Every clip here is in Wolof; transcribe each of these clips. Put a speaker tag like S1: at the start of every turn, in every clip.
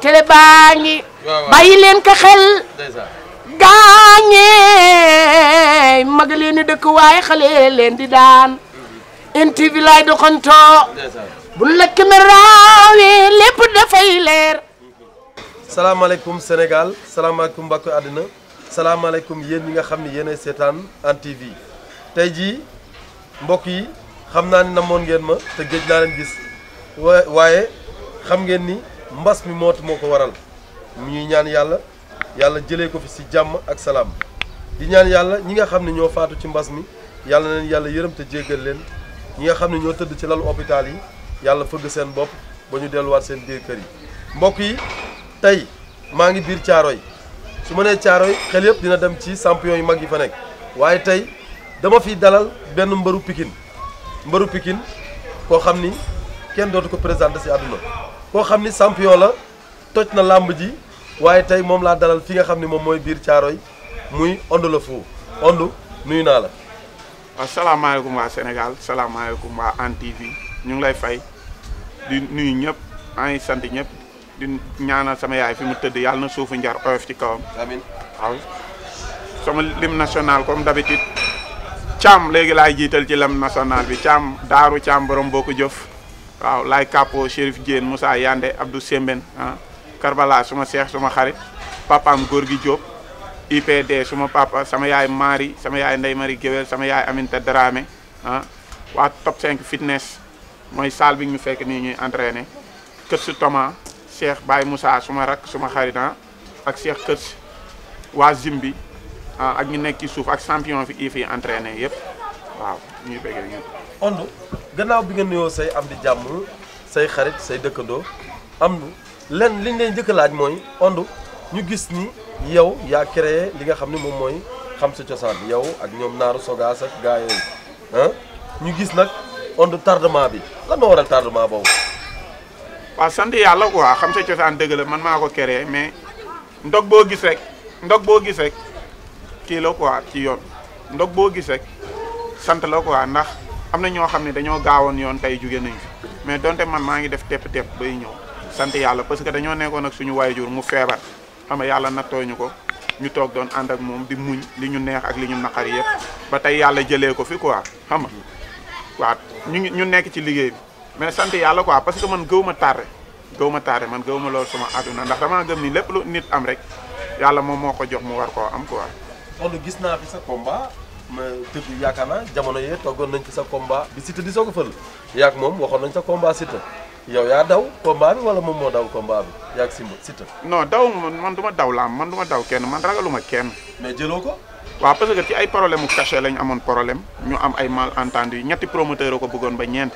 S1: télé baa ngi bàyyi leen ko xel gaañee mag leen di dëkk waaye xale leen di daan mm-hmm. NTV laay doxantoo buñ la camérawee lépp dafay leer mm-hmm.
S2: salaamaaleykum Sénégal salaamaaleykum mbàkku àddina salaamaaleykum yéen ñi nga xam ni yéenay seetaan NTV tey jii mbokk yi xam naa ne namoon ngeen ma te géej naa leen gis waaye xam ngeen ni mbas mi moot moo ko waral mu ñuy ñaan yàlla yàlla jëlee ko fi si jàmm ak salaam di ñaan yàlla ñi nga xam ne ñoo faatu ci mbas mi yàlla na yàlla yërëm te jéggal leen ñi nga xam ne ñoo tëdd ci lalu hôpital yi yàlla fëgg seen bopp ba ñu delluwaat seen biir kër yi mbokk yi tey maa ngi biir caaro yi su ma nee Caaroy xel yëpp dina dem ci champion yu mag yi fa nekk waaye tey dama fi dalal benn mbëru pikin mbëru pikin koo xam ni kenn dootu ko présenté si àdduna koo xam ni champion la toj na làmb ji waaye tey moom laa dalal fi nga xam ni
S3: moom mooy biir Caaroy muy Onde le Fou Onde nuyu naa la waaw salaamaaleykum waa Sénégal salaamaaleykum waa Hann TV ñu ngi lay fay di nuyu ñëpp maa ngi sant ñëpp di ñaanal sama yaay fi mu tëdd yàlla na suufu njar oyof ci kawam waaw sama lim national comme d'habitude Thiam léegi laay jiital ci lim national bi Thiam Daaru Thiam borom boo ko jëf waaw Laay Kapo Chérif Diène Moussa Yande Abdou Sembène ah Karbala suma seex suma xarit papaam góor gi Diop IPD suma papa sama yaay Marie sama yaay Ndey mari Géwél sama yaay Aminta Dramé ah waa top 5 fitness mooy salle bi ñu fekk nii ñuy entraîné kër su Thomas Cheikh Baye Moussa suma rak suma xarit ah. ak Cheikh kër waa Zimbi ah, ak ñu nekk ci suuf ak champion fi yi fiy entraîné yëpp waaw ñuy bëggee ñëpp. gannaaw bi nga nuyoo say am di jàmm say xarit say
S2: dëkkandoo am lenn li ngay njëkk laaj mooy Onde ñu gis ni yow yaa créé li nga xam ne moom mooy xam sa cosaan yow ak ñoom naaru sogaa ak gaa
S3: ñu gis nag Onde tardement bi lan waral tardement boobu. waaw sant yàlla quoi xam sa cosaan dëgg man maa ko créé mais ndox boo gis ndox boo gis rek kii la quoi ci yoon ndog boo giseek rek sant la quoi ndax. am na ñoo xam ne dañoo gaawoon yoon tey jóge nañ fi mais donte man maa ngi def tepp-tepp bay ñëw sant yàlla parce que dañoo nekkoon ak suñu waayjur mu feebar xam nga yàlla nattoo ñu ko ñu toog doon ànd ak moom di muñ li ñu neex ak li ñu naqar yëpp ba tey yàlla jëlee ko fi quoi xam nga waaw ñu ñu nekk ci liggéey bi mais sant yàlla quoi parce que man gëw ma tardé gëw ma tardé man gëw ma loolu sama àdduna ndax damaa gëm ni lépp lu nit am rek yàlla moom moo ko jox mu war koo am quoi.
S2: ma tëdd yaakaar naa jamono yee toggoon nañ ci sa combat bi Siteu di soog a fël yaag moom waxoon nañ sa combat Siteu yow yaa daw combat bi wala moom moo daw combat bi yaag Simba Siteu
S3: non daw man du ma daw laam man du ma daw kenn man ragaluma kenn mais jëloo ko waaw parce que ci ay problème mu caché lañ amoon problème ñu am ay malentendu yi ñetti promoteur ko bëggoon ba ñeent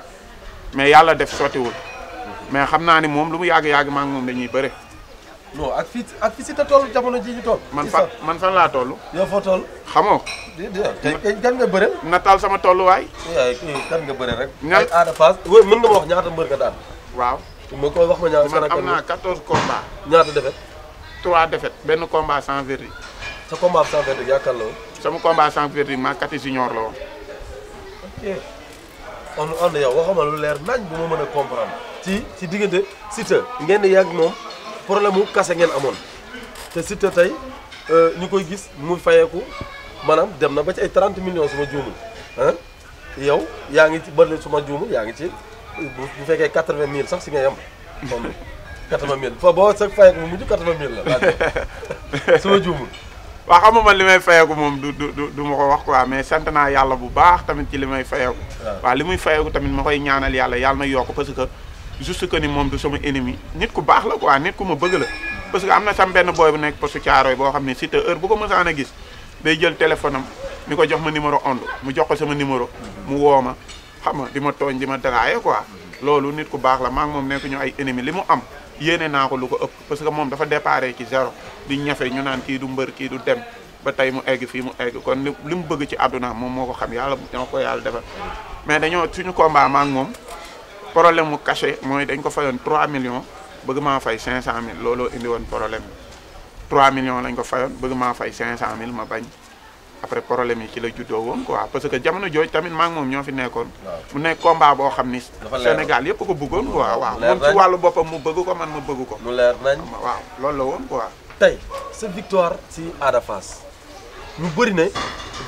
S3: mais yàlla def sottiwul mais xam naa ni moom lu mu yàgg-yàgg maa ngi moom dañuy non ak fii ak fii si te toll jamono ji ñu toll. man fan man fan laa toll. yow foo toll. xamoo. di di tey kan nga bëre. nataal sama
S2: tolluwaay. waay kan nga bëre rek. ña ak Ada Fass mën nga ma wax ñaata mbër nga daan. waaw. ma ko wax ma ñaata man am naa 14
S3: combats. ñaata défaite. 3 défaite benn combat sans verdict. sa combat sans verdict yaakaar la sama combat sans verdict maa kati junior la woon.
S2: ok on on yow waxuma lu leer nañ bu ma mën a comprendre. ci ci diggante Siteu ngeen di yàgg problème mu kase ngeen amone té cité tay euh ñukoy gis mu fayeku manam dem na ba ci ay 30 millions suma juumul hein yow yaa ngi ci bëri suma juumul yaa ngi ci bu féké 80000 sax si nga yem moom 80 fa bo sax fayeku mu muju 80000 la laaj suma juumul
S3: waaw xam nga man li may du du du ma ko wax quoi mais sant naa yàlla bu baax tamit ci limay fayeku wa limuy fayeku tamit ma koy ñaanal yalla yalla na yok parce que juste que ni moom du sama ennemi nit ku baax la quoi nit ku ma bëgg la parce que am na sam benn booy bu nekk poste Thiaroye boo xam ne Siteu heure bu ko mësaan a gis day jël téléphone am ni ko jox ma numéro Onde mu jox ko sama mu woo ma xam nga di ma tooñ di ma daraaye quoi loolu nit ku baax la maa ngi moom nekk ñu ay ennemi li mu am yéene naa ko lu ko ëpp parce que moom dafa déparé ci zéro di ñafe ñu naan kii du mbër kii du dem ba tey mu egg fii mu egg kon li mu bëgg ci àdduna moom moo ko xam yàlla ko yàlla defal problème mu cachet mooy dañ ko fayone 3 millions bëgg ma fay 500000 looloo indi won problème 3 millions lañ ko fayone bëgg ma fay 500000 ma bañ après problème yi ci la juddoo woon quoi parce que jamono joj tamit maa ngi moom ñoo fi nekkoon. mu nekk combat bo xamni Sénégal yépp ko bëggoon quoi. waaw moom ci walu bopam mu bëgg ko man ma bëgg ko. mu leer nañ waaw loolu la woon quoi. tay sa victoire
S2: ci Ada Fass ñu bëri ne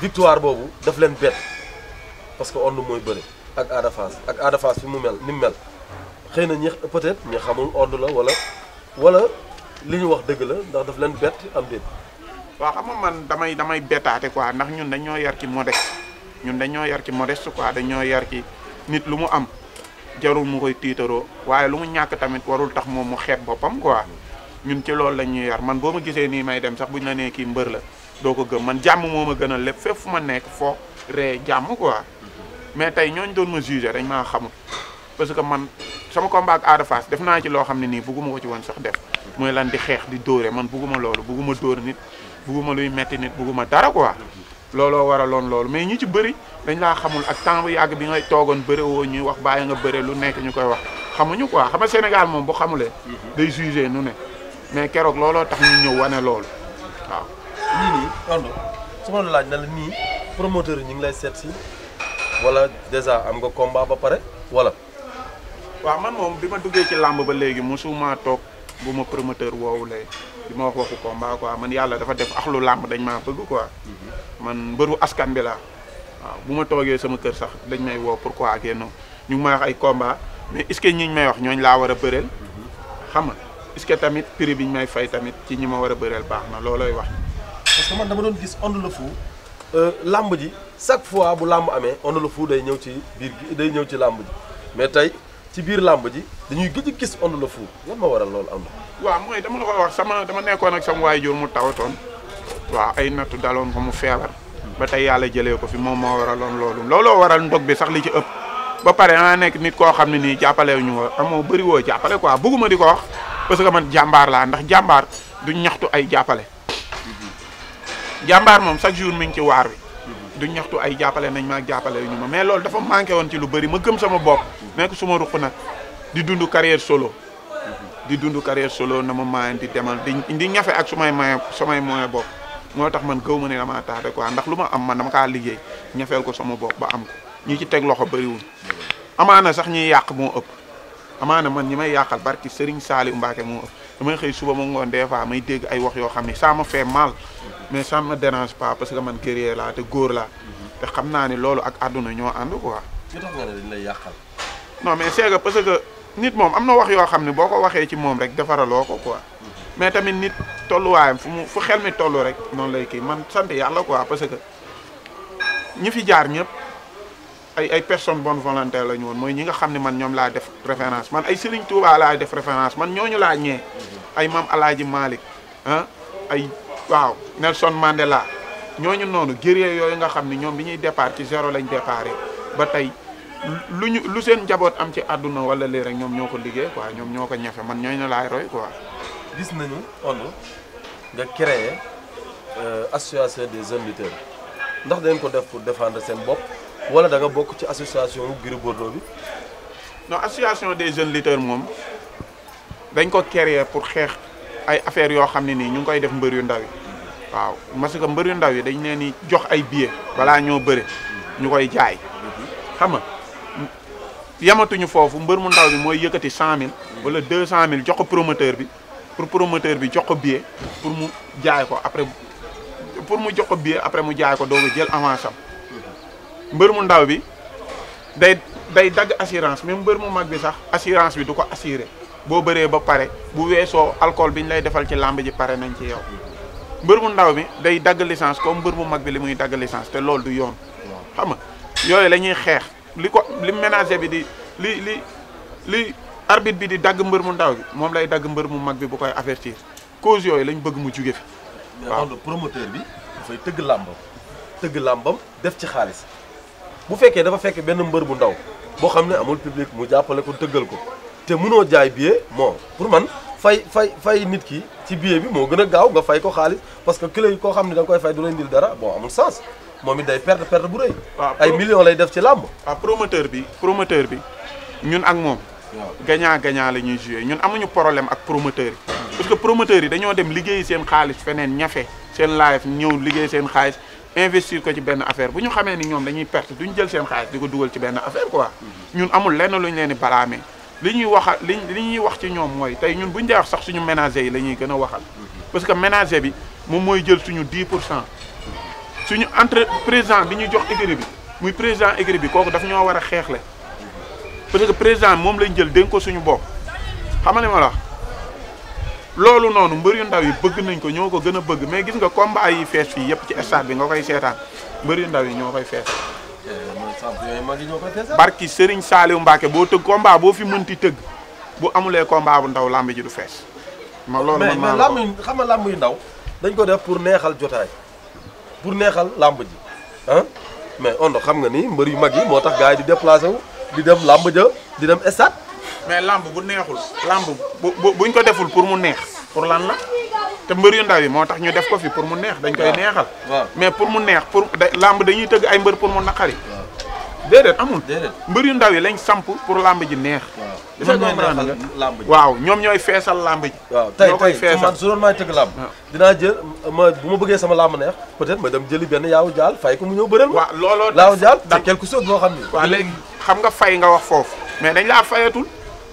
S2: victoire bobu daf leen bett parce que onu moy bëri. ak Ada Fass ak Ada fi mu mel ni mel xeyna ñi peut-être
S3: ñi xamul ordre la wala wala li ñu wax deug la ndax daf leen bet am deet wa xam man damay damay betaté quoi ndax ñun dañoo yar ci modest ñun dañoo yar ci modest quoi dañoo yar ci nit lu mu am jarul mu koy titero waye lu mu ñak tamit warul tax mo mu xet bopam quoi ñun ci lool la yar man boma ma gisee ni may dem sax buñ la né ki mbeur la doko gëm man jamm moma gënal lepp fu ma nek fo quoi mais tey ñooñ doon ma jugé dañ maa xamul parce que man sama combat ak Ada Fass def naa ci loo xam ne nii bugguma ko ci woon sax def mooy lan di xeex di dóore man bugguma loolu bugguma dóor nit bugguma luy metti nit bugguma dara quoi looloo waraloon loolu mais ñi ci bëri dañ laa xamul ak temps yàgg bi ngay toogoon bëre woo ñuy wax bàyyi nga bëre lu nekk ñu koy wax xamuñu ko xam nga Sénégal moom bu xamulee day jugé nu ne mais keroog looloo tax ñu ñëw wane loolu waaw lii
S2: nii laaj na la nii promoteur yi ñu ngi lay seet si wala déjà am nga combat ba pare wala.
S3: waaw man moom bi ma duggee ci làmb ba léegi musuma toog bu ma promoteur woowulee di ma wax waxu combat quoi man yàlla dafa def axlu làmb dañ maa bëgg quoi. Mhm. man mbëru askan bi laa. waaw bu ma toogee sama kër sax dañ may woo pourquoi génn ñu ngi may wax ay komba mais est-ce que ñi ñu may wax ñooñu laa war a bëreel. Mhm. xam nga est que tamit prix bi ñu may fay tamit ci ñi ma war a bëreel baax na loolooy wax.
S2: parce man dama doon Euh, làmb ji chaque fois bu làmb amee Onda la Fou day ñëw ci biir day ñëw ci làmb ji mais tey ci biir làmb ji dañuy gëj gis Onda
S3: la Fou lan ma waral loolu am na. waaw mooy dama la koy wax sama dama nekkoon ak sama waajur mu tawatoon waa ay nattu daloon ko mu feebar ba tey yàlla jëlee ko fi moom moo waraloon loolu looloo waral ndog bi sax li ci ëpp. ba pare maa nekk nit koo xam ne nii jàppale ñu ko amoo bëri woo jàppale quoi bëgguma di ko wax parce que man jàmbaar laa ndax jàmbaar du ñaxtu ay jàppale. jambar moom chaque jour mi ngi ci war wi du ñaxtu ay jappalé nañ ma jàppale ñu ma mais lool dafa manké won ci lu bari ma gëm sama bop nek suma ruku nak di dundu carrière solo di karier carrière solo na ma maayan di demal di di ak sumay may sumay moy bop motax man gëw ma ne dama taxé rek quoi ndax luma am man dama ka liggé ñafeel ko sama bop ba am ko ñi ci teg loxo wu amana sax ñi yaq mo ëpp amana man ñi may yaqal barki Serigne Saliou mo ëpp damay xëy suba moo ngoon des fois may dégg ay wax yoo xam ni saam me fait mal mais ça me dérange pas parce que man guerrier laa te góor laa te xam naa ni loolu ak àdduna ñoo ànd quoi.
S2: li dañ lay yàqal.
S3: non mais c'est parce que nit moom am na wax yoo xam ne boo ko waxee ci moom rek defaraloo ko quoi mais tamit nit tolluwaayam fu mu fu xel mi toll rek noonu lay kii man sant yàlla quoi parce que ñi fi jaar ñëpp. ay ay personne bonne volonté la ñu woon mooy ñi nga xam ne man ñoom laa def référence man ay Serigne Touba laa def référence man ñooñu laa ñee
S4: mm-hmm.
S3: ay maam Alaaji Malick ah ay waaw Nelson Mandela ñooñu noonu guerrier yooyu nga xam ne ñoom bi ñuy départ ci zéro lañ déparé ba tey lu ñu lu seen njaboot am ci àdduna wala lii rek ñoom ñoo ko liggéey quoi ñoom ñoo ko ñafe man ñooñu laay roy quoi.
S2: gis nañu Onde nga créé euh, association des jeunes lutteurs ndax dañ ko def pour défendre seen bopp. Voilà da
S3: beaucoup de ci association non association des jeunes lutteurs ont dañ ko pour faire des affaires nous ñu koy def Mais yu ndaw yi. waaw yu ndaw yi dañ leen jox billets y ñu koy jaay xam nga mu ndaw bi cent wala deux promoteur bi pour promoteur bi jox des pour mu jaay après pour mu jox ko après mu jaay ko donc mbeur mu ndaw bi day day dag assurance même mbeur mu mag bi sax assurance bi du ko assurer bo beure ba paré bu wesso alcool biñ lay defal ci lamb ji paré nañ ci yow mbeur mu ndaw bi day dag licence comme mbeur mu mag bi limuy dag licence té lool du yoon xam nga yoy lañuy xex liko li ménager bi di li li li arbitre bi di dag mbeur mu ndaw bi mom lay dag mbeur mu mag bi bu koy avertir cause yoy lañ bëgg mu juggé fi promoteur bi da fay teug lambam teug lambam def ci xaaliss bu fekkee
S2: dafa fekk benn mbër bu ndaw boo xam ne amul public mu jàppale ko tëggal ko te mënoo jaay billet moo pour man fay fay fay nit ki ci billet bi moo gën a gaaw nga fay ko xaalis parce que kilé yi koo xam ne da koy fay du la indil dara bon amul sens moom it day perte perte bu rëy. Ah, ay millions lay def ci
S3: làmb. waaw ah, promoteur bi promoteur bi ñun ak moom. waaw gagnant gagnant la ñuy joué ñun amuñu problème ak promoteur yi. parce que promoteur yi dañoo dem liggéey seen xaalis feneen ñafe seen live ñëw liggéey seen xaalis. investir ko ci ben affaire buñu xamé ni ñom dañuy perte duñ jël seen xaalis diko duggal ci ben affaire quoi ñun amul lén luñ ñu leen di baraamee wax liñuy wax ci ñom moy tay ñun bu day wax sax suñu ménager yi lañuy gëna waxal parce que ménager bi moom moy jël suñu 10 suñu entre président bi ñu jox égré bi muy président égré bi koku daf ñoo war a parce que président mom lañ jël dénk suñu bok xamalé ma la wax loolu noonu mbër yu ndaw yi bëgg nañ ko ñoo ko gën a bëgg mais gis nga combat yi fees fii yëpp ci stade bi nga koy seetaan mbër yu ndaw yi ñoo koy fees barki Serigne Saliou Mbacke boo tëgg combat boo fi mënti tëgg bu amulee combat bu ndaw lamb ji du fees ma loolu man mais lamb
S2: yi xam nga lamb yu ndaw dañ ko def pour neexal jotaay pour neexal lamb ji mais Ondo xam nga ni mbër yu mag yi
S3: moo tax gars yi di déplacé wu di dem lamb ja di dem stade mais lamb bu neexul lamb bu buñ ko deful pour mu neex pour lan la te mbeur yu ndaw yi moo ñu def ko fi pour mu neex dañ koy neexal mais pour mu neex pour lamb dañuy teug ay mbeur pour mu naqari déedéet amul mbër yu ndaw yi lañ samp pour lamb ji neex
S4: dafa comprendre lamb ji waaw
S3: ñom ñoy fessal lamb ji waaw tay tey feesal su doon may teug lamb dina jël ma bu ma
S2: bëggee sama lamb neex peut-être ma dem jëli benn yaaw jaal fay ko mu ñëw bëreel waaw looloo yaaw jaal da quelque chose bo xamni
S3: ni waaw léegi xam nga fay nga wax foofu mais dañ la fayatul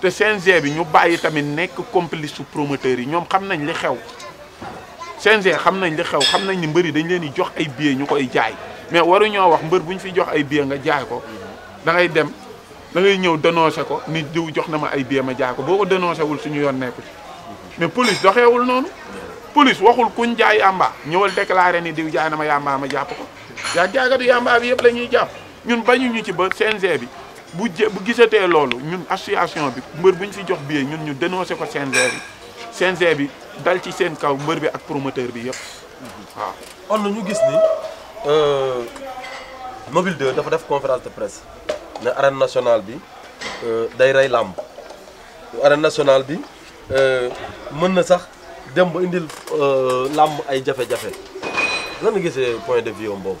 S3: te CNG bi ñu bàyyi tamit nekk complice su promoteurs yi ñoom xam nañu li xew CNG xam nañ li xew xam nañ ni mbër yi dañ leen di jox ay billets ñu koy jaay mais waruñoo wax mbër bu ñu fi jox ay billets nga jaay ko da dem da ngay ñëw dénoncé ko ni diw jox na ma ay billets ma jaay ko boo ko dénoncé wul suñu yoon nekku ci mais police doxeewul noonu police waxul kuñ jaay yàmba ñëwal déclaré ni diw jaay na ma yàmba ma jàpp ko yaa jaagatu yàmba bi yëpp la ñuy jàpp ñun bañuñu ci ba CNG bi bu jë bu gisatee loolu ñun association bi mbër bi ñu fi jox billet ñun ñu dénoncé ko CNG bi CNG bi dal ci seen kaw mbër bi ak promoteur bi yëpp waaw.
S2: on na ñu gis ni euh, Mobile 2 dafa def conférence de presse ne arène nationale bi euh, day rey làmb arène nationale bi euh, mën na sax dem ba indil làmb ay jafe-jafe lan nga gisee
S3: point de vue am boobu.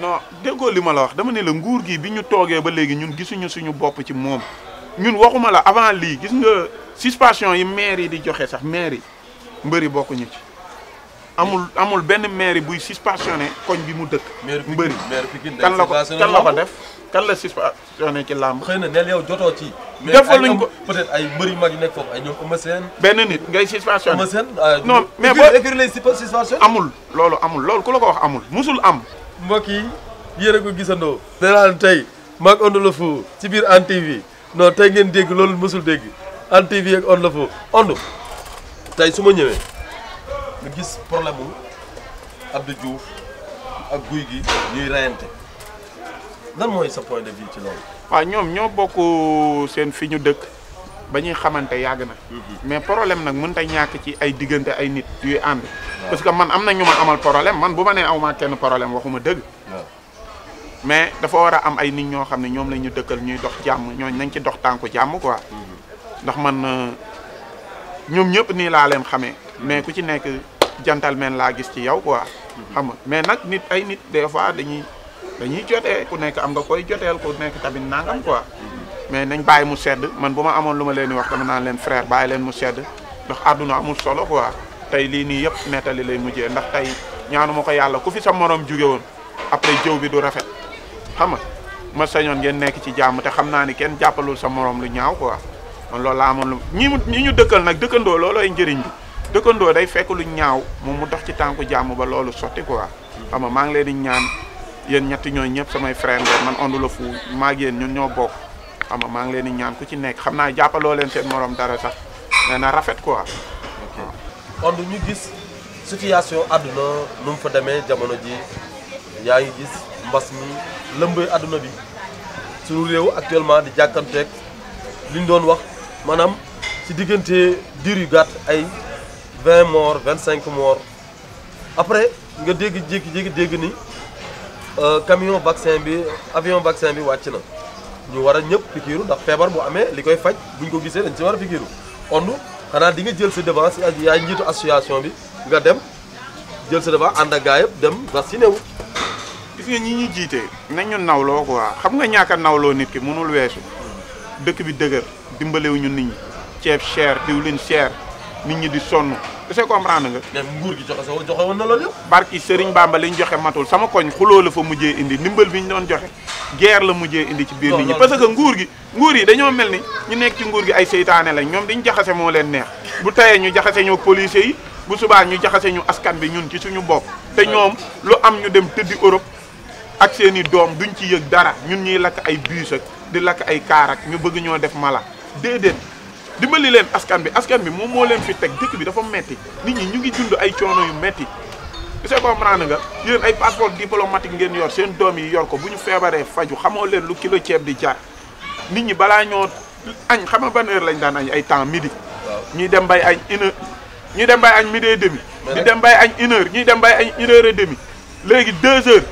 S3: non déggoo li ma la wax dama ne la nguur gi bi ñu toogee ba léegi ñun gisuñu suñu bopp ci moom ñun waxuma la avant lii gis nga suspension yi maire yi di joxe sax maire yi mbëri bokkuñu ci amul amul benn maire buy suspensionné koñ bi mu dëkk. mbëri kan la ko kan la ko def kan la suspensionné ci làmb. xëy na
S2: neel yow jotoo ci.
S3: defaluñ ko peut être ay mbëri yu nekk foofu ay ñoom Eumeu benn nit ngay suspensionné Eumeu Sène euh, non mais boo amul loolu amul loolu ku la ko wax amul
S2: musul am. mbokk yi yéen a ko gisandoo. danaan tey maag Onde le Fou ci biir Hann TV non tey ngeen dégg loolu mosul dégg Hann TV ak Onde le Fou Onde tey su ma ñëwee nga gis problème mu Abdou Diouf ak guy gi ñuy reyante lan mooy sa point de ci loolu.
S3: waa ñoom ñoo bokk seen fi ñu dëkk. ba ñuy xamante yàgg na mhm. mais problème nag mun mënta ñàkk ci ay diggante ay nit yuy ànd parce que man am na ñu ma amal problème man bu ma nee aw maa kenn problème waxuma dëgg mais dafa war a am ay nit ñoo xam ne ñoom la ñu dëkkal ñuy dox jàmm ñooñ nañ ci dox tànku jàmm quoi mhm. ndax man euh, ñoom ñëpp nii laa leen xamee mais ku ci nekk gentleman laa gis ci yow quoi mhm. xam mais nag nit ay nit des fois dañuy dañuy jotee ku nekk am nga koy joteel ku nekk tamit nangam quoi mais nañ bàyyi mu sedd man bu ma amoon lu ma leen di wax dama naan leen frère bàyyi leen mu sedd ndax àdduna amul solo quoi tey lii nii yëpp nettali lay mujjee ndax tey ñaanu ma ko yàlla ku fi sa moroom juge woon après jëw bi du rafet xam nga ma sañoon ngeen nekk ci jàmm te xam naa ni kenn jàppalul sa moroom lu ñaaw quoi man loolu la amoon lu ñi mu ñi ñu dëkkal nag dëkkandoo loolooy njëriñ bi dëkkandoo day fekk lu ñaaw moom mu dox ci tànku jàmm ba loolu sotti quoi xam nga maa ngi leen di ñaan yéen ñetti ñooñu ñëpp samay frère man Ondou fu maa ñun ñoo bokk xam nga maa ngi leen di ñaan ku ci nekk xam naa jàppaloo leen seen morom dara sax nee na rafet quoi.
S2: on ñu gis situation àdduna nu mu fa demee jamono ji yaa ngi gis mbas mi lëmbee àdduna bi suñu réew actuellement di jàkkanteeg li ñu doon wax maanaam ci diggante diir yu gàtt ay 20 morts 25 morts après nga dégg jékki-jékki dégg ni euh, camion vaccin bi avion vaccin bi wàcc na. ñu war a ñëpp pikiiru ndax feebar bu amee li koy faj bu ñu ko gisee dañ si war a pikiiru ond xanaa di nga jël sa
S3: devant si yaay njiitu association bi nga dem jël sa devant ànd ak gaa yëpp dem vacciné wu gis nga ñi ñu jiite nañu nawloo quoi xam nga ñàkk a nawloo nit ki mënul weesu dëkk bi dëgër dimbalewuñu ñu ceeb cher diwlin cher nit ñi di sonn est-ce que nga. nguur gi joxe soo joxe woon na loolu yëpp. barki Serigne Bamba li ñu joxe matul sama koñ xuloo la fa mujjee indi ndimbal bi ñu doon joxe guerre la mujjee indi ci biir nit ñi parce que nguur gi nguur yi dañoo mel ni ñu nekk ci nguur gi ay seytaane la ñoom diñ jaxase moo leen neex bu tayee ñu jaxase ñoo policiers yi bu subaa ñu jaxase ñu askan bi ñun ci suñu bopp te ñoom lu am ñu dem tëddi Europe ak seeni doom duñ ci yëg dara ñun ñuy lakk ay bus ak di lakk ay kaar ñu bëgg ñoo def mala déedéet dimbali leen askan bi askan bi moom moo leen fi teg dëkk bi dafa metti nit ñi ñu ngi dund ay coono yu metti tu sais comprendre nga yéen ay passeport diplomatique ngeen yor seen doom yi yor ko bu ñu feebaree faju xamoo leen lu kilo ceeb di jaar nit ñi balaa ñoo añ xam nga ban heure lañ daan añ ay temps midi. ñuy dem bay añ une heure ñuy dem bay añ midi et demi. di dem bay añ une ñuy dem bay añ une heure demi léegi deux heures.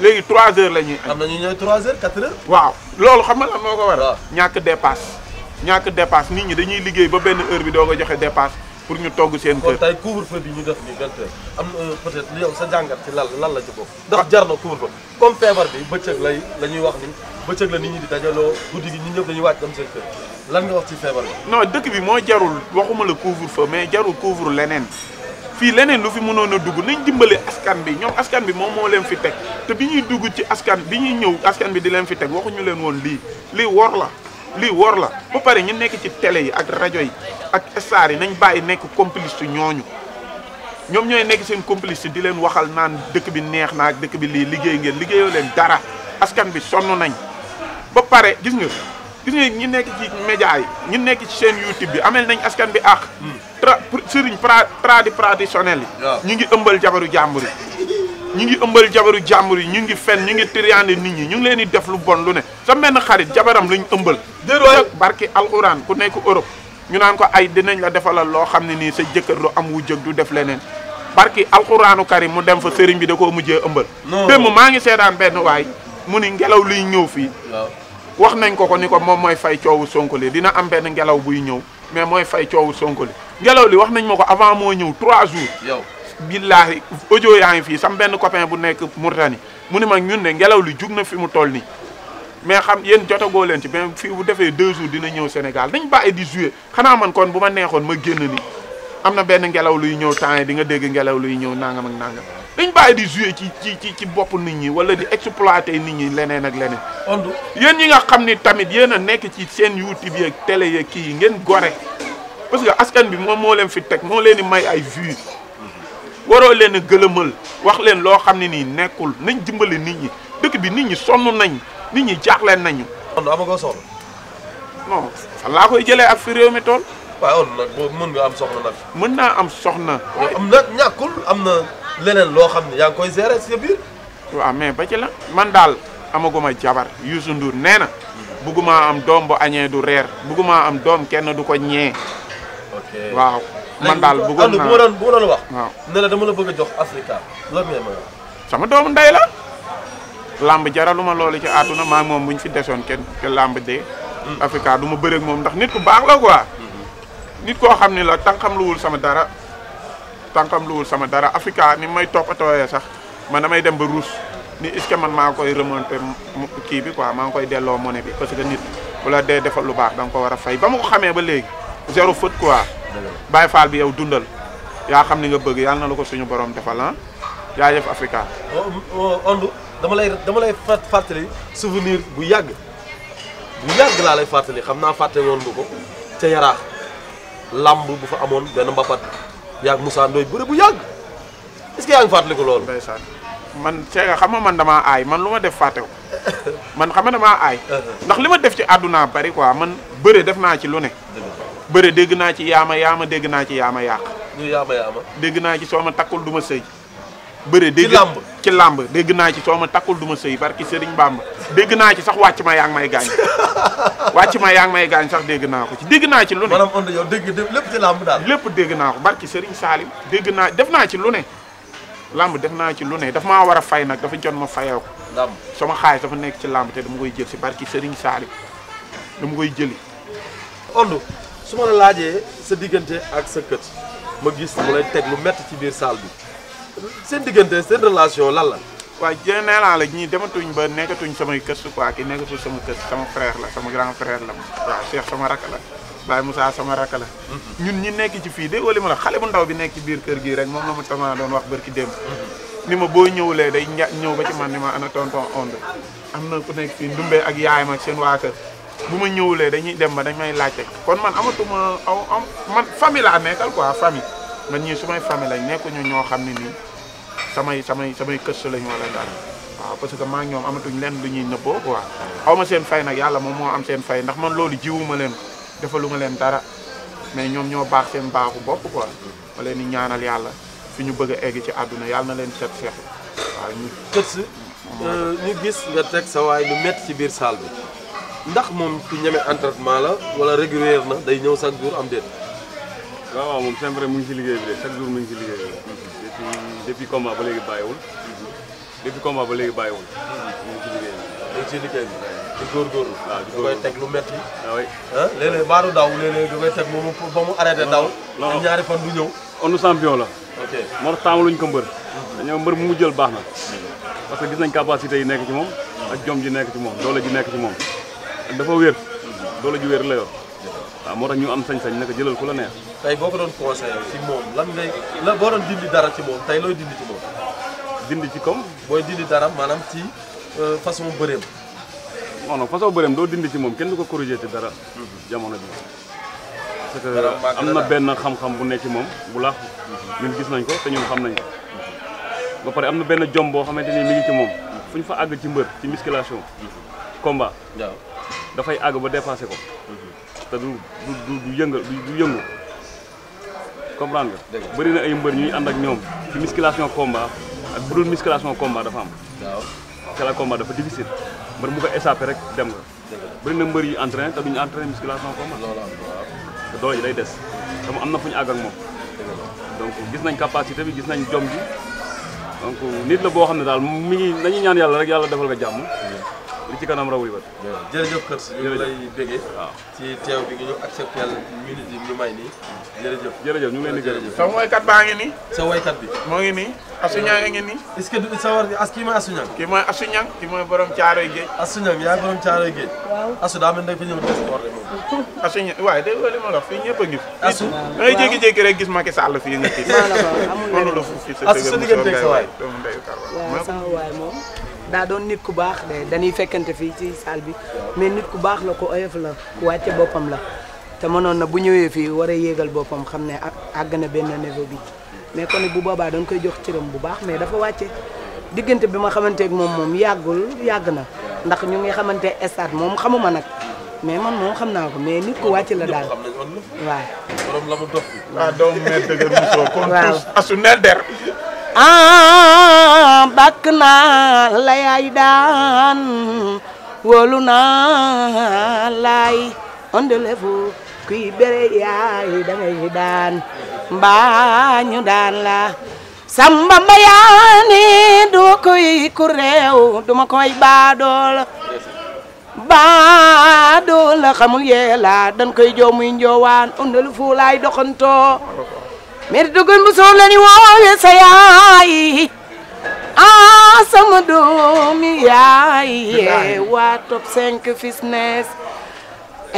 S3: léegi trois heures la ñuy am na ñu ñëw trois heures quatre waaw loolu xam nga lan moo ko waral. ñàkk dépasse. ñàkk dépasse nit ñi dañuy liggéey ba benn heure bi doo ko joxe dépasse pour ñu togg seen kër. kon tey
S2: couvre-feu bi ñu def nii vingt heures am euh, peut être yow sa jàngat ci lal lan la ci bokk. ndax ah. jar na couvre ko comme feebar bi bëccëg lay la ñuy wax ni bëccëg la nit ñi di dajaloo
S3: guddi gi ñu ñëw dañuy wàcc am seen lan nga wax ci feebar bi. non dëkk bi moo jarul waxuma la couvre-feu mais jarul couvre leneen. fii leneen lu fi mënoon a dugg nañ dimbali askan bi ñoom askan bi moom moo leen fi teg te bi ñuy dugg ci askan bi ñuy ñëw askan bi di leen fi teg waxuñu leen woon lii lii wor la lii wor la bu pare ñu nekk ci tele yi ak rajo yi ak star yi nañ bàyyi nekk complice ñooñu ñoom ñooy nekk seen complice di leen waxal naan dëkk bi neex na dëkk bi lii liggéey ngeen liggéeyoo leen dara askan bi sonn nañ ba pare gis nga gis nga ñu nekk ci média yi ñu nekk ci chaîne YouTube bi amel nañ askan bi ak hmm. tra sëriñ pra tradi traditionnel yi ñu ngi ëmbal jabaru jàmbur yi ñu ngi ëmbal jabaru jàmbur yi ñu ngi fen ñu ngi tiriyaane nit ñi ñu ngi leen di def lu bon lu ne sa menn xarit jabaram lañ ëmbal déedéet barki alxuraan ku nekk Europe ñu naan ko ay dinañ la defalal loo xam ne nii sa jëkkër lu am wu jëg du def leneen barki alxuraanu karim mu dem fa sëriñ bi da koo mujjee ëmbal démb maa ngi seetaan benn waay mu ni ngelaw liy ñëw fii wax nañ ko ko ni ko moom mooy fay coowu sonkoli dina am benn ngelaw buy ñëw mais mooy fay coowu sonkoli ngelaw li wax nañ ma ko avant moo ñëw trois jours billahi audio yaa ngi sam ben copain bu nek mauritanie mune ñun fi mu toll mais xam ci deux jours dina ñew Sénégal dañ baay di jouer xana man kon buma neexon ma génn ni amna ben ngelaw luy temps di nga dégg nangam ak nangam dañ ci ci ci wala di exploiter leneen ak leneen. ondu nga a parce que askan bi mo mo fi tek mo vues. waroo leen gëlëmal wax leen loo xam ne nii nekkul nañ dimbali nit ñi dëkk bi nit ñi sonn nañ nit ñi jaaxle nañu. kon amagoo soxla. non fan laa koy jëlee ak fi réew mi tool. mën nga am soxna nag. mën naa am soxna. na ñàkkul am na leneen loo xam ne yaa ngi koy gérer si biir. waaw mais ba ci man daal amaguma jabar Youssou Ndour nee na bëgguma am doom bu añee du reer bëgguma am doom kenn du ko ñee. waaw. man daal bëggoon naa bu ma doon
S2: bu ma doon wax. waaw a jox
S3: sama doomu ndey la. làmb ma loolu ci àdduna maa moom bu ñu fi desoon kenn làmb de. Mm. Africa du ma bëreeg moom ndax nit ku baax la quoi. Mm-hmm. nit koo xam ne la tànkam luwul sama dara tànkam luwul sama dara Africa ni may toppatooyee sax man damay dem ba ruus ni est-ce que man maa koy remonter kii bi quoi maa ngi koy delloo monnaie bi parce que nit bu la dee defal lu baax danga nga ko war a fay ba ma ko xamee ba léegi zéro faute quoi. Bay Fall bi yow dundal ya xamni nga bëgg yalla na lako ya suñu borom defal ah afrika
S2: oh, oh ondu dama lay dama lay fatali souvenir bu yàgg bu yàgg la lay fatali xamna fatali won nga ko ci yara lamb bu fa amone
S3: ben mbapat yaag Moussa Ndoye bëre bu yàgg est ce que yaa ngi fàttali man nga xam man dama ay man luma def fàtte man xam nga damaa ndax lima def ci aduna bari quoi man beure def naa ci lu ne. bëre dégg naa ci yaama yaama dégg naa ci yaama yàq. ñu dégg naa ci soo ma takkul du ma sëy. bëre dégg ci ci làmb dégg naa ci soo ma takkul du ma sëy barki Serigne Bamba dégg naa ci sax wàcc ma yaa ngi may gaañ. wàcc ma yaa ngi may sax dégg naa ko ci dégg naa ci lu ne. maanaam on lépp làmb dégg naa barki Serigne Salim dégg naa def naa ci lu ne. làmb def naa ci lu ne daf maa war a fay nag dafa jot ma fayoo ko. làmb sama xaalis dafa nekk ci làmb te dama koy jël si barki Serigne Salim dama koy jëli. su ma la laajee sa diggante ak sa kët ma gis mu lay teg lu mett ci biir salle bi seen diggante seen relation lan la. waaye jërë nee naa ñi ñii dematuñ ba nekkatuñ samay kët su quoi ki nekkatul sama kët sama frère la sama grand frère la waaw Cheikh sama rakk la Baye Moussa sama rakk la. Mhm. ñun ñi nekk ci fii déggoo li ma la xale bu ndaw bi nekk ci biir kër gi rek moom la ma tamaa doon wax bërki démb. Mhm. ni ma boo ñëwulee day ñëw ba ci man ni ma ana tonton Onde am na nekk fii Ndumbé ak yaay seen waa bu ma ñëwulee dañuy dem ma dañ may laajte kon man amatuma aw am man famille laa nekkal quoi famille man ñii su may famille lañ nekkuñu ñoo xam ne nii samay samay samay kës lañ wala dara waaw parce que maa ñoom amatuñ leen lu ñuy nëbboo quoi aw ma seen fay nag yàlla moom moo am seen fay ndax man loolu jiwuma leen defaluma leen dara mais ñoom ñoo baax seen baaxu bopp quoi ma leen ñaanal yàlla fi ñu bëgg egg ci àdduna yàlla na leen seet seet waaw ñu kës euh, ñu gis nga teg sa waay lu métti ci biir salle bi ndax
S2: moom ku ñeme entraînement la wala régulier na day ñëw sax jour am déet. waaw waaw moom
S5: mu ngi ci liggéey bi de chaque jour mu ngi ci liggéey bi depuis depuis combat ba léegi bàyyiwul. ba léegi bàyyiwul. mu ngi ci liggéey bi. mu ngi ci liggéey bi waaw di góorgóorlu ah, koy
S2: teg lu métti. waaw ah, ah léeg-léeg baaru daw léeg-léeg koy teg moom ba mu arrêté daw. non ñaari
S5: fan du ñëw. onu champion la. ok moo tax taamu luñ ko mbër. dañoo mbër mu mu jël baax na. parce que gis nañ capacité yi nekk ci moom. ak jom ji nekk ci moom doole ji nekk ci moom dafa wér doole ju wér la yor waaw moo tax ñu am sañ-sañ naka jëlal ku la neex
S2: tey boo ko doon conseillé ci moom lan ngay la boo doon dindi dara ci moom tey looy dindi ci moom ci comme booy dindi dara maanaam ci euh, façon bëreem non non façon bëreem doo dindi ci moom
S5: kenn ko corrigé ci dara jamono bi parce que am na benn xam-xam bu nekk ci moom bu laax ñun gis nañ ko te ñun xam nañ ko ba pare am na benn jom boo xamante ni mi ngi ci moom fu ñu fa àgg ci mbër ci musculation combat dafay àgg ba dépassé ko. te du du du yëngal du yëngu comprendre nga. bëri ay mbër ñuy ànd ak ñoom ci musculation combat ak bu dul musculation combat dafa am. waaw la combat dafa difficile mbër mu ko échappé rek dem nga. bëri na mbër yi entraîné te duñu entraîné musculation combat. loolu am doole ji day des. te am na fu ñu àgg ak moom. donc gis nañ capacité bi gis nañ jom bi donc nit la boo xam ne daal mi ngi nañu ñaan yàlla rek yàlla defal ko jàmm. li ci kanam rawul bët jërëjëf kër si ñu ngi
S2: lay béggee waaw ci teew bi nga ñu accepté yàlla minute yi ñu may nii jërëjëf jërëjëf ñu ngi leen di gërëm sama woykat baa ngi nii sa woykat bi moo ngi nii asuñang a ngi
S3: nii est-ce que du sawar bi as kii mooy asuñang kii mooy asuñang kii mooy borom caaroy géej asuñang yaa borom caaroy géej asu daa mel ne fi ñëw test sport de moom asuñang waaye day wóor li ma la wax fii ñëpp a ngi fi asu dangay jékki-jékki rek gis Macky Sall fii nga kii mënu la fu fii sa dëgg asu sa diggante sa waay doomu ndeyu kar waaw sama
S1: waay moom daa doon nit ku baax dañuy fekkante fii ci salle bi mais nit ku baax la ko oyof la ku wàcce boppam la te mënoon na bu ñëwee fii war a yéegal boppam xam ne ak àgg na benn niveau bi mais kon bu boobaa dañ koy jox cëram bu baax mais dafa wàcce diggante bi ma xamanteeg moom moom yàggul yàgg na ndax ñu ngi xamante stade moom xamuma nag mais man moom xam naa ko mais nit ku wàcc la daal waaw. borom asu nel der. ah bàkk naa la yaay daan wóolu naa laay ondelefu kuy bere yaay da ngay daan mbaa ñu daan la samba mbayaani duma koy ku réew duma koy baadool baadool la xamul yee la dañ koy joo muy njoowaan ondelefu laay doxantoo mer dugun bu soow la ni woowe sama doomi yaay yee eh, waa top 5 fitness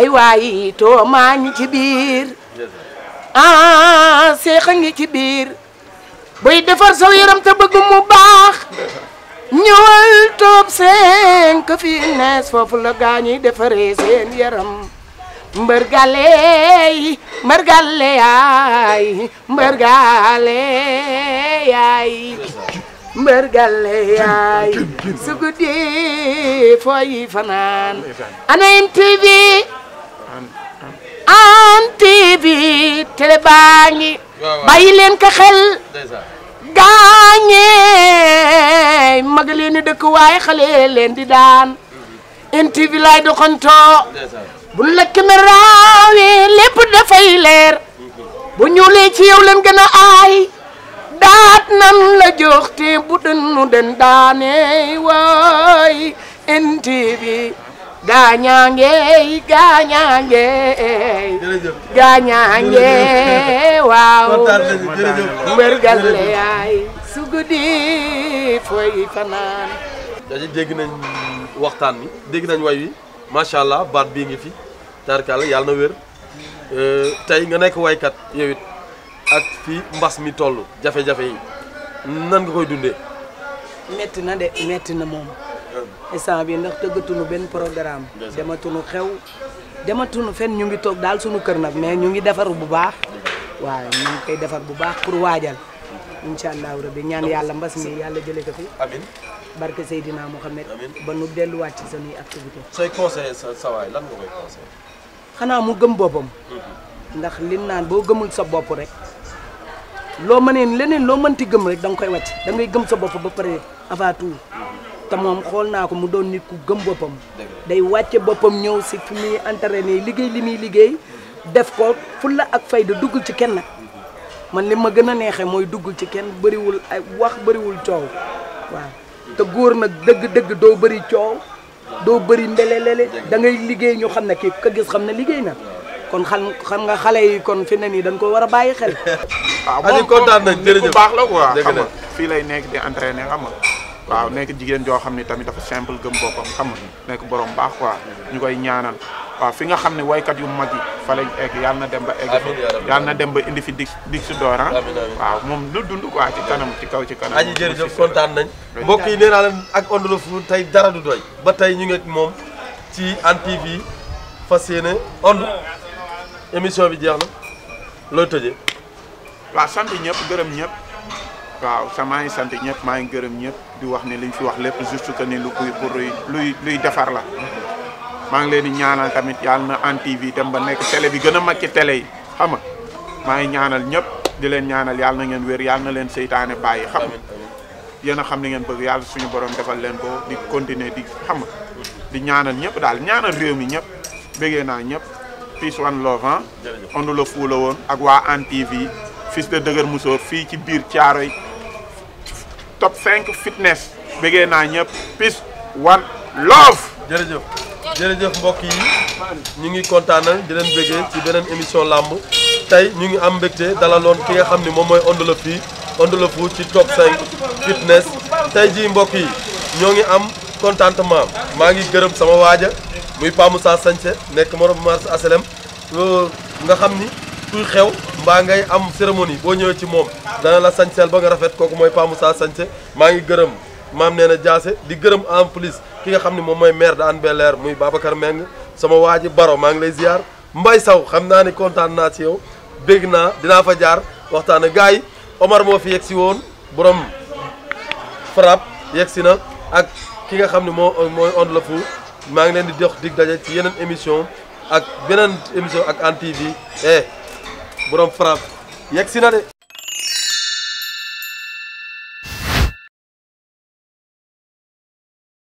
S1: ay waayi too maa ngi ci biir ah seex a ngi ci biir buy defar saw yaram te bëgg mu baax ñëwal top 5 fitness foofu la gaa ñuy defaree seen yaram mbërgaleey mbërgale yaay mbërgale yaay mbërgale yaay su guddee fooyi fanaan ana MTV Hann TV télé baa ngi bàyyi leen ka xel gaañee mag leen di dëkk waaye xale leen di daan MTV laay doxantoo bu la caméra wi lépp dafay leer mm-hmm. bu ñuulee ci yow leen gën a aay lan la jox te bu den daanee waay inti bi gaañaangee gaañaangee waaw mbërgal la yaay su guddi fooy fanaan
S2: daje dégg nañ waxtaan bi dégg nañ way wi macha allah baat bii ngi fi tarkal yàlla na wér euh, tey nga nekk waykat yow it ak fi mbas mi toll jafe-jafe yi nan nga koy dundee.
S1: metti na de metti na moom. Ah. instant bi ndax tëggatuñu benn programme. dematuñu xew. dematuñu fen ñu ngi toog daal suñu kër nag mais ñu ngi defaru bu baax. waaw ñu ngi koy defar bu baax pour waajal. incha allahu rabi ñaan yàlla mbas mi yàlla jëlee ko fi. amiin barke moo Mohamed. ne ba nu delluwaat ci suñuy activité
S2: say conseil sa sa waay lan
S1: xanaa mu gëm boppam.
S2: Mm-hmm.
S1: ndax li naan boo gëmul sa bopp rek. loo mëneen leneen loo mënti gëm rek da koy wàcc da ngay gëm sa bopp ba pare avant tout te moom xool naa ko mu doon nit ku gëm boppam day wàcce boppam ñëw si fi muy entraîné liggéey li muy liggéey def ko fulla ak fayda duggul ci kenn nag man li ma gën a neexee mooy duggul ci kenn bariwul ay wax bariwul coow waaw te góor nag dëgg-dëgg doo bari coow doo bëri mbelelele da ngay liggéey ñu xam ne kii ka gis xam ne liggéey na kon xam xam nga xale yi kon fi ne nii dañ ko war a bàyyi xel.
S3: waaw ah, moom kontaan nañ jërëjëf baax la quoi xam nga fii lay nekk di entraîner xam nga. waaw nekk jigéen joo xam ne tamit dafa simple gëm boppam xam nga nekk borom baax quoi ñu koy ñaanal waaw fi nga xam ne waykat yu mag yi fa lañ egg yàlla na dem ba egg fa yàlla na dem ba indi fi dig dig si door ah waaw moom lu dund quoi ci kanam ci kaw ci kanam aji jërëjëf kontaan nañ mbokk yi nee naa leen
S2: ak Onde le Fou tey dara du doy ba tey ñu ngi moom ci Hann TV
S3: fas yéene Onde émission bi jeex na loy tëjee. waaw sant ñëpp gërëm ñëpp. waaw sama ngi sant ñëpp maa ngi gërëm ñëpp di wax ne liñ fi wax lépp juste que ni lu kuy pour luy luy defar la. maa ngi leen di ñaanal tamit yàlla na Hann TV dem ba nekk télé bi gën a mag télé yi xam nga maa ngi ñaanal ñëpp di leen ñaanal yàlla na ngeen wér yàlla na leen seytaane bàyyi xam nga yéen a xam ni ngeen bëgg yàlla suñu borom defal leen ko di continuer di xam nga di ñaanal ñëpp daal ñaanal réew mi ñëpp bëggee naa ñëpp. peace one love ah. jërëjëf Onde la woon ak waa Hann TV fils de dëgër musóor fii ci biir Thiaroye top 5 fitness bëggee naa ñëpp peace one love. jërëjëf jërëjëf mbokk yi
S2: ñu ngi kontaanal di leen bëggee ci beneen émission làmb tey ñu ngi am mbégte dalaloon ki nga xam ni moom mooy Onde la Fou Onde ci top 5 fitness tey jii mbokk yi ñoo ngi am kontaantement maa ngi gërëm sama waaja. muy Pa saa Sañse nekk moromu Mars aslem nga xam ni kuy xew mbaa ngay am cérémonie boo ñëwee ci moom dana la sañseel ba nga rafet kooku mooy Pa saa Sañse maa ngi gërëm maam nee na jaase di gërëm en plus ki nga xam ni moom mooy mair de Hann Bel-Air muy Babacar Meng sama waa ji Baro maa ngi lay ziar Mbay Saw xam naa ni kontaan naa ci yow bégg naa dinaa fa jaar waxtaan ak gars yi Omar moo fi yegg si woon borom frappe yegg si na ak ki nga xam ne moo mooy Onde maa ngi leen di jox dig daje ci yeneen émission ak beneen émission ak Hann TV eh borom frappe si na de.